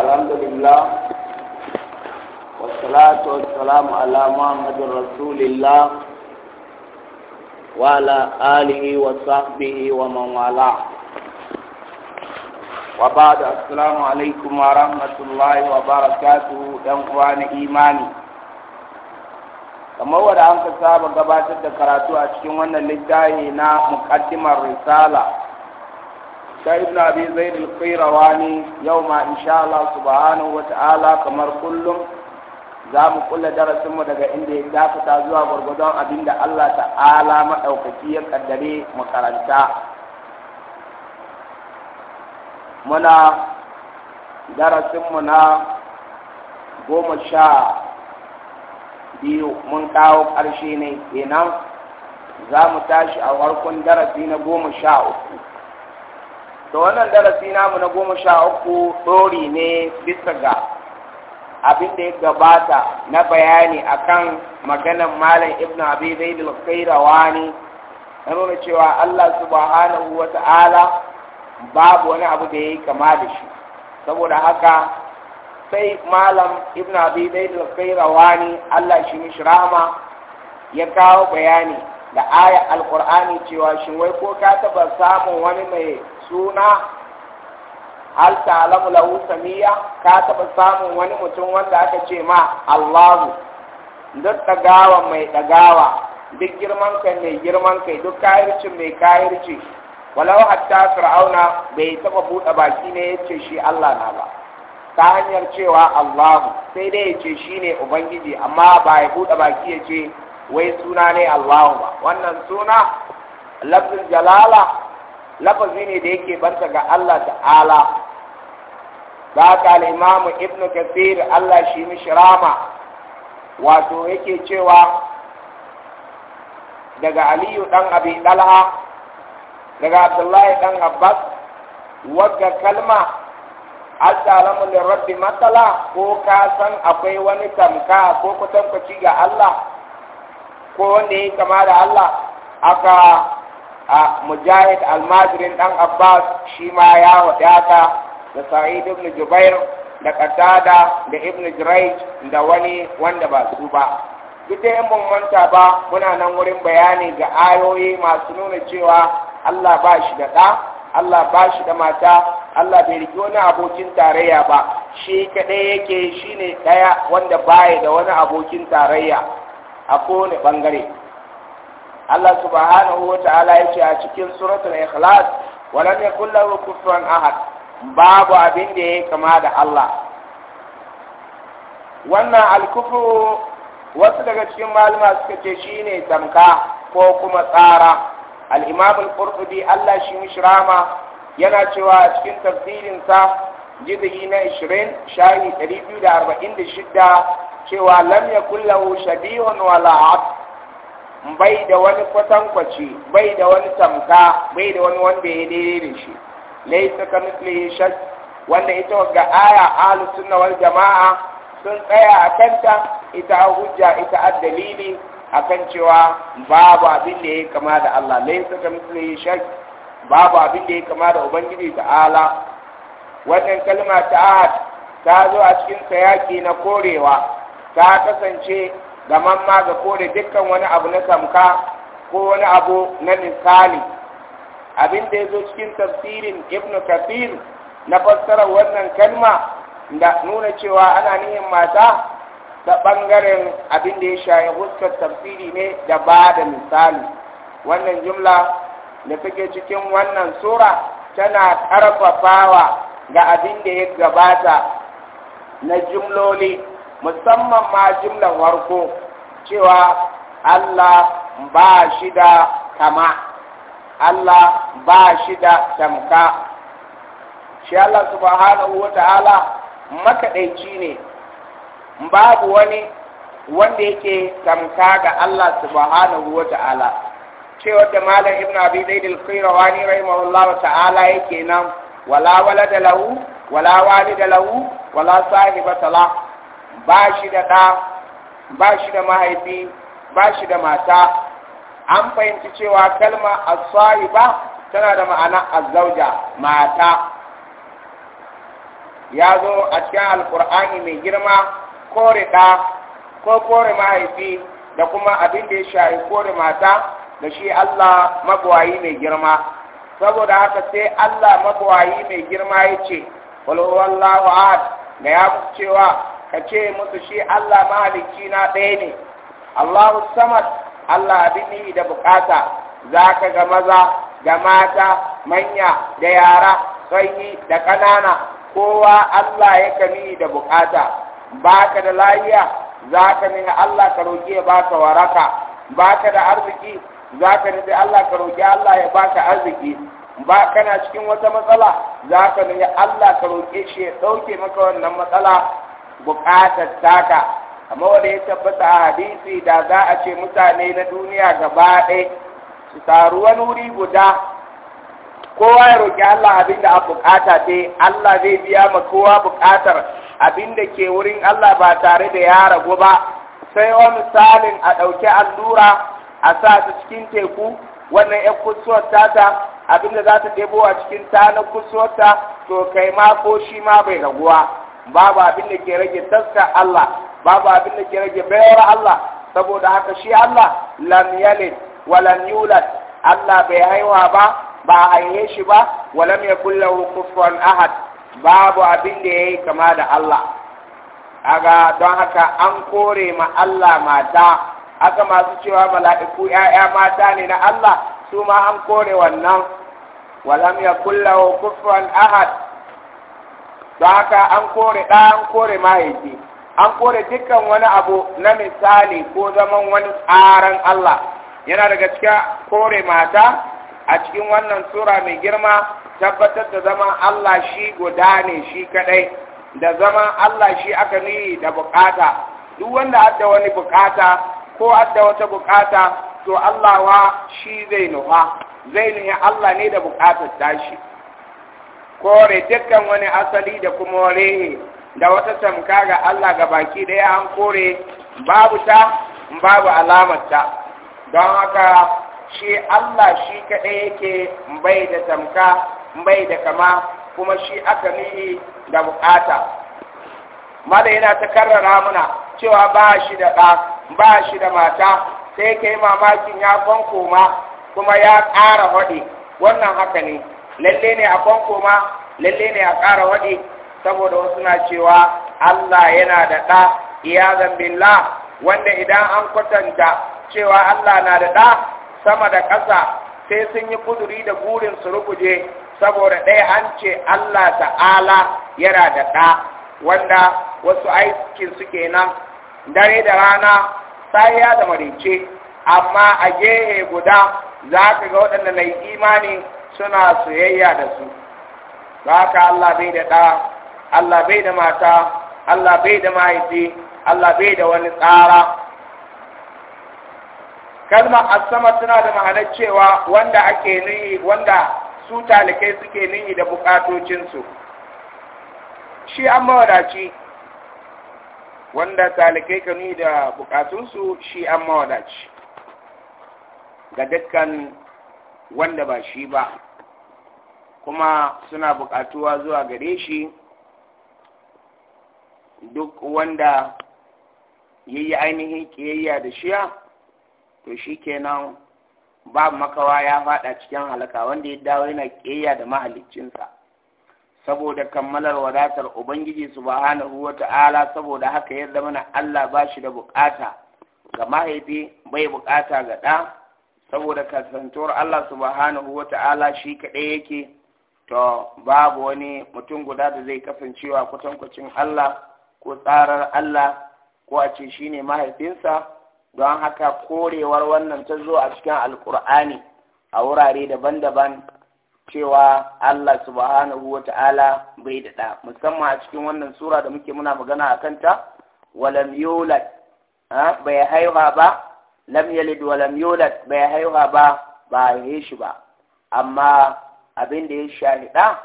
الحمد لله والصلاة والسلام على محمد رسول الله وعلى آله وصحبه ومن والاه وبعد السلام عليكم ورحمة الله وبركاته إيماني kamar wadda an ka saba gabatar da karatu a cikin wannan littafi na muƙaddimar risala ta ibn abi zaid al-qayrawani yau ma insha Allah subhanahu wa ta'ala kamar kullum za mu kulla darasin mu daga inda ya dafata zuwa gwargwadon abinda Allah ta'ala madaukaki ya kaddare mu karanta muna darasin mu na goma sha biyu mun kawo ƙarshe ne kenan za mu tashi a farkon darasi na goma sha uku to wannan darasi namu na goma sha uku ɗori ne bisa ga abin da ya gabata na bayani akan maganan malam ibn abi zaid al-qayrawani na nuna cewa Allah subhanahu wa ta'ala babu wani abu da ya yi kama da shi saboda haka sai malam ibn abi zaid al-qayrawani Allah shi ne shirama ya kawo bayani da aya qurani cewa shin wai ko ka taba samun wani mai suna hal ta'lamu lahu samiya ka taɓa samun wani mutum wanda aka ce ma Allahu duk dagawa mai dagawa duk girman kai mai girman kai duk kayirci mai kayirci walau hatta fir'auna bai taba buɗe baki ne ya ce shi Allah na ba ta hanyar cewa Allahu sai dai ya ce shi ne Ubangiji amma ba ya buɗe baki ya ce wai suna ne Allahu ba wannan suna lafzin jalala lafazi ne da yake barta ga Allah ta'ala Ba ka al'imamu ibn kafir Allah shi mishi rama wato yake cewa daga aliyu ɗan abi ɗalha daga abdullahi ɗan abbas wadda kalma assalamu rabbi matsala ko ka san akwai wani tamka ko kutankaci ga Allah ko wanda ya kama da Allah aka a mujahid almazirin dan abbas shi ma ya wadata da sa'id ibn jubair da qatada da ibn jurayj da wani wanda ba su ba duk da mun manta ba muna nan wurin bayani ga ayoyi masu nuna cewa Allah ba shi da ɗa Allah ba shi da mata Allah bai rike wani abokin tarayya ba shi kaɗai yake shine ne ɗaya wanda baya da wani abokin tarayya a kowane ɓangare Allah subhanahu wa ta'ala ya ce a cikin suratul ikhlas walam yakul lahu kufuwan ahad babu abin da yake kama da Allah wannan alkufu wasu daga cikin malama suka ce shine tamka ko kuma tsara al-imam al-qurtubi Allah shi mishrama yana cewa a cikin tafsirin sa jizgi na 20 shayi 246 cewa lam yakul lahu shabihun wala abd bai da wani kwatankwaci bai da wani tamka bai da wani wanda ya daidai da shi Lai ka mislihi shak wanda ita ga aya ahlus sunna wal jamaa sun tsaya a kanta ita hujja ita addalili akan cewa babu abin da ya kama da Allah Lai ka mislihi shak babu abin da ya kama da ubangiji ta'ala wannan kalma ta'ad ta zo a cikin sayaki na korewa ta kasance ga mamma ga kore dukkan wani abu na tamka ko wani abu na misali abin da ya zo cikin tafsirin ibn kafir na fassara wannan kalma da nuna cewa ana nihin mata ta ɓangaren abin da ya shaye huskar tafsiri ne da ba da misali wannan jumla da suke cikin wannan sura tana ƙarfafawa ga abin da ya gabata na jumloli musamman ma jimlan warko cewa Allah ba shi da kama Allah ba shi da tamka shi Allah subhanahu wata'ala makaɗaici ne babu wani wanda yake tamka ga Allah subhanahu wata'ala ce da malam ibn abi zaid al-qayrawani rahimahullahu ta'ala yake nan wala da lahu wala wali da lahu wala sahibata la ba shi da ɗa ba shi da mahaifi ba shi da mata an fahimci cewa kalma as-sahiba tana da ma'ana az-zauja mata ya zo a cikin alkur'ani mai girma kore ɗa ko kore mahaifi da kuma abin da ya shahi kore mata da shi Allah magwayi mai girma saboda haka sai Allah magwayi mai girma ya ce wallahu ahad ga ya cewa ka ce musu shi Allah mahalicci na ɗaya ne Allahu samad Allah abin yi da bukata za ka ga maza da mata manya da yara sanyi da ƙanana kowa Allah ya kami da bukata ba ka da layiya za ka nuna Allah ka roƙe ya baka waraka ba ka da arziki za ka nuna Allah ka roƙe Allah ya baka arziki ba kana cikin wata matsala za ka nuna Allah ka roƙe shi ya ɗauke maka wannan matsala buƙatar taka amma wanda ya tabbata a hadisi da za a ce mutane na duniya gaba ɗaya su taru wani wuri guda kowa ya roƙi Allah abinda a buƙata ce Allah zai biya ma kowa buƙatar abinda ke wurin Allah ba tare da ya ragu ba sai wa misalin a ɗauki allura a sa ta cikin teku wannan ya kusuwar tata abinda za ta ɗebo a cikin ta na to kai ma ko shi ma bai raguwa babu abin da ke rage taska Allah babu abin da ke rage bayar Allah saboda haka shi Allah lam yalid wa lam yulad Allah bai haihuwa ba ba haihe shi ba wa lam yakul lahu kufuwan ahad babu abin da yayi kama da Allah aga don haka an kore ma Allah mata aka masu cewa mala'iku ‘ya'ya mata ne na Allah su ma an kore wannan wa lam kulla lahu kufuwan ahad don haka an kore ɗa an kore mahaifi an kore dukkan wani abu na misali ko zaman wani tsaran Allah yana daga cikin kore mata a cikin wannan sura mai girma tabbatar da zaman Allah shi guda ne shi kadai da zaman Allah shi aka nuyi da bukata duk wanda adda wani bukata ko adda wata bukata to Allah wa shi zai nuha zai nuhi Allah ne da bukatar tashi kore dukkan wani asali da kuma warehe da wata tamka ga Allah ga baki daya an kore babu ta babu alamarta don haka shi Allah shi kaɗai yake bai da tamka bai da kama kuma shi aka mihi da bukata mada yana ta karrara muna cewa ba shi da ɗa ba shi da mata sai kai mamakin ya koma kuma ya ƙara haɗe wannan haka ne lalle ne a kwanko ma lalle ne a ƙara waɗi saboda wasu na cewa Allah yana da ɗa iyazan billah wanda idan an kwatanta cewa Allah na da ɗa sama da ƙasa sai sun yi kuduri da burin su rukuje saboda ɗaya an ce Allah ta'ala yana da ɗa wanda wasu aikin su kenan dare da rana yi da marice amma a gehe guda za ka ga waɗanda na imani suna soyayya da su ba haka Allah bai da ɗa Allah bai da mata Allah bai da mahaifi Allah bai da wani tsara a asama suna da ma'anar cewa wanda ake nuyi wanda su talikai suke nuyi da bukatocinsu shi an mawadaci wanda talikai ka nuyi da bukatunsu shi an mawadaci ga dukkan wanda ba shi ba kuma suna buƙatuwa zuwa gare shi duk wanda ya yi ainihin ƙiyayya da shiya to shi kenan babu makawa ya faɗa cikin halaka wanda ya dawo yana ƙiyayya da mahaliccinsa saboda kammalar wadatar ubangiji subhanahu wa ta'ala saboda haka ya zama na Allah ba shi da bukata ga mahaifi bai bukata ga ɗa saboda kasantuwar Allah subhanahu wa ta'ala shi kaɗai yake to babu wani mutum guda da zai kasancewa kwatankwacin Allah ko tsarar Allah ko a ce shi ne mahaifinsa don haka korewar wannan ta zo a cikin alkur'ani a wurare daban-daban cewa Allah subhanahu wa ta'ala bai daɗa musamman a cikin wannan sura da muke muna magana a kanta walam yolad bai haihuwa ba lam yalid walam bai haihuwa ba ba haihe shi ba amma abin da ya shahida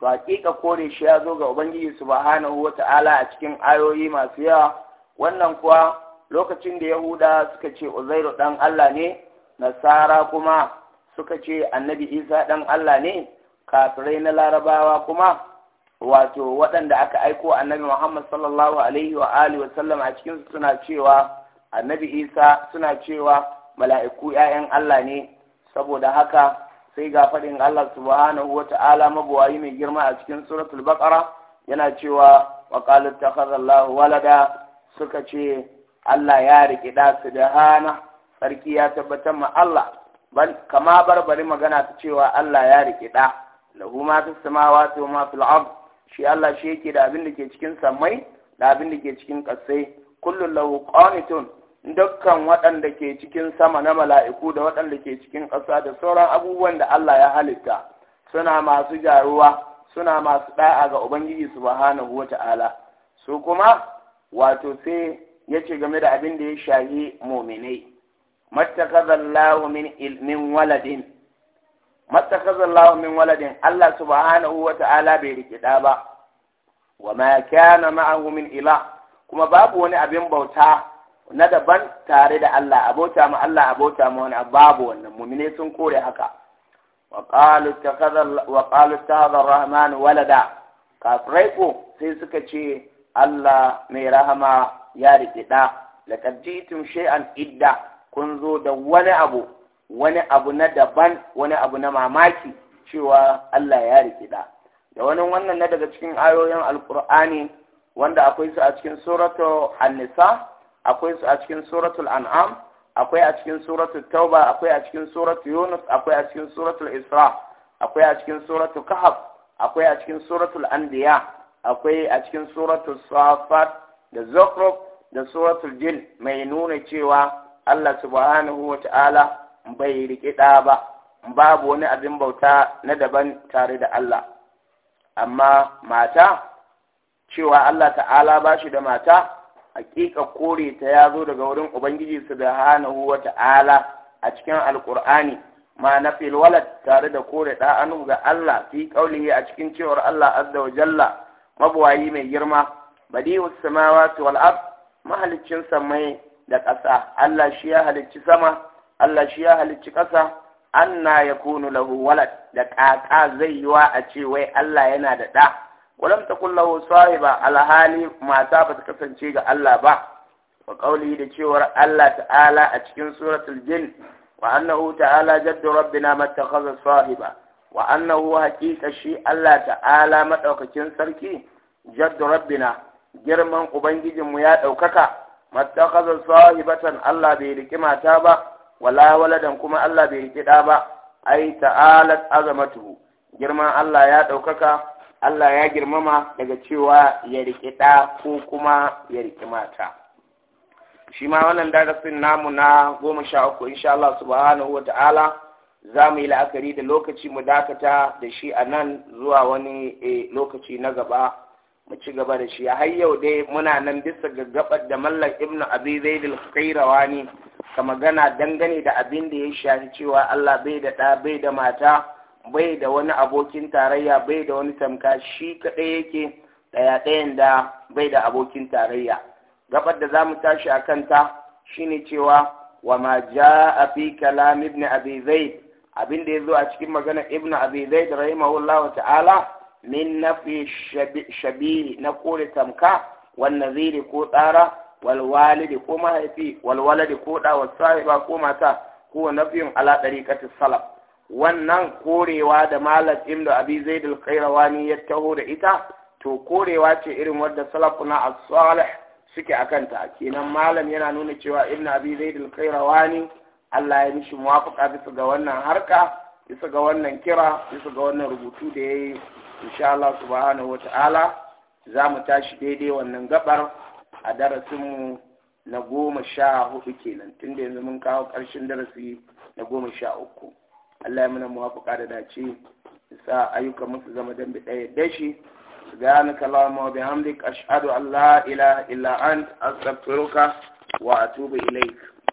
to hakika kore shi ya zo ga ubangiji subhanahu ta'ala a cikin ayoyi masu yawa wannan kuwa lokacin da yahuda suka ce uzairu dan Allah ne nasara kuma suka ce annabi isa dan Allah ne kafirai na larabawa kuma wato waɗanda aka aiko annabi muhammad sallallahu alaihi wa alihi wa sallam a cikin suna cewa annabi isa suna cewa mala'iku 'ya'yan Allah ne saboda haka sai ga faɗin Allah subhanahu wa ta'ala mabuwayi mai girma a cikin suratul baqara yana cewa wa qalu takhadallahu walada suka ce Allah ya riƙi da su da hana sarki ya tabbatar ma Allah kama barbari magana ta cewa Allah ya riƙi da lahu ma fis samawati wa ma fil shi Allah shi yake da abin da ke cikin samai da abin da ke cikin ƙasai kullum lahu qanitun dukkan waɗanda ke cikin sama na mala'iku da waɗanda ke cikin ƙasa da sauran abubuwan da Allah ya halitta suna masu jaruwa suna masu ɗa'a ga Ubangiji subhanahu wa ta'ala su kuma wato sai ya ce game da abin da ya shahi mominai min waladin mattakazallahu min waladin Allah subhanahu wa ta'ala bai rikida ba wa ma kana ma'ahu min ila kuma babu wani abin bauta na daban tare da Allah abota mu Allah abota mu wani babu wannan mumine sun kore haka wa qalu takhadha rahman walada kafirai ko sai suka ce Allah mai rahama ya rike Da laqad jitum shay'an idda kun zo da wani abu wani abu na daban wani abu na mamaki cewa Allah ya rike da da wani wannan na daga cikin ayoyin alqur'ani wanda akwai su a cikin suratu an-nisa akwai a cikin suratul an'am akwai a cikin suratul tauba akwai a cikin suratul yunus akwai a cikin suratul isra akwai a cikin suratul kahf akwai a cikin suratul anbiya akwai a cikin suratul safat da zukhruf da suratul jin mai nuna cewa Allah subhanahu wa ta'ala bai da ba babu wani abin bauta na daban tare da Allah amma mata cewa Allah ta'ala ba shi da mata hakika kore ta ya zo daga wurin ubangiji su subhanahu wa ta'ala a cikin alqur'ani ma na walad tare da kore da anu ga Allah fi qaulihi a cikin cewar Allah azza wa jalla mabuwayi mai girma badi'us samawati wal ard mahalicin samai da ƙasa Allah shi ya halicci sama Allah shi ya halicci ƙasa anna yakunu lahu walad da ƙaƙa zai yiwa a ce wai Allah yana da ɗa walam takun lahu sahiba alhali mata ba kasance ga Allah ba wa qawli da cewa Allah ta'ala a cikin suratul jin wa annahu ta'ala jaddu rabbina mattakhadha sahiba wa annahu haqiqa shi Allah ta'ala madaukakin sarki Rabi'a rabbina girman ubangijinmu ya daukaka mattakhadha sahibatan Allah bai riki mata ba wala kuma Allah bai riki da ba ai ta'alat azamatuhu girman Allah ya ɗaukaka. Allah ya girmama daga cewa ya riƙe ɗa ko kuma ya riƙe mata shi ma wannan darasin namu na goma sha uku insha Allah subhanahu wa ta'ala za mu yi la'akari da lokaci mu dakata da shi a nan zuwa wani eh, lokaci na gaba mu ci gaba da shi har yau dai muna nan bisa gaggabar da mallar ibnu abi Zaidul Khairawa ne ka magana dangane da abin da ya shafi cewa Allah bai da ɗa bai da mata bai da wani abokin tarayya bai da wani tamka shi kaɗai yake ɗaya ɗayan da bai da abokin tarayya gabar da za mu tashi a kanta shine cewa wa ma a fi kalam ibn abi abin da zo a cikin magana ibn abi zaid rahimahullah ta'ala min fi shabi na kore tamka wan naziri ko tsara wal walidi ko mahaifi wal waladi ko da wasahiba ko mata ko nafiyun ala dariqati salaf wannan korewa da malam ibnu abi zaid al-qayrawani ya taho da ita to korewa ce irin wadda salafuna as-salih suke akan ta kenan malam yana nuna cewa ibnu abi zaid al-qayrawani Allah ya mishi muwafaqa bisa ga wannan harka bisa ga wannan kira bisa ga wannan rubutu da yayi insha Allah subhanahu wata'ala za mu tashi daidai wannan gabar a darasinmu na goma sha hudu kenan tunda yanzu mun kawo ƙarshen darasi na goma sha uku Allah ya muna muwafaƙa da dace sa ayyuka musu zama dambe ɗaya da shi gani kalama wa bihamdik ashadu Allah ila ila an astagfiruka wa ilaik.